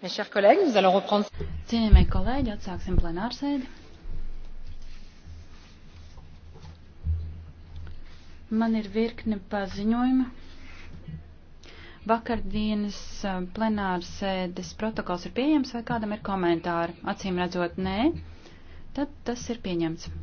Cienījamie kolēģi, atsāksim plenārsēdi. Man ir virkne paziņojuma. Vakardienas eh, plenārsēdes protokols ir pieejams vai kādam ir komentāri? Acīm redzot, nē. Tad tas ir pieņemts.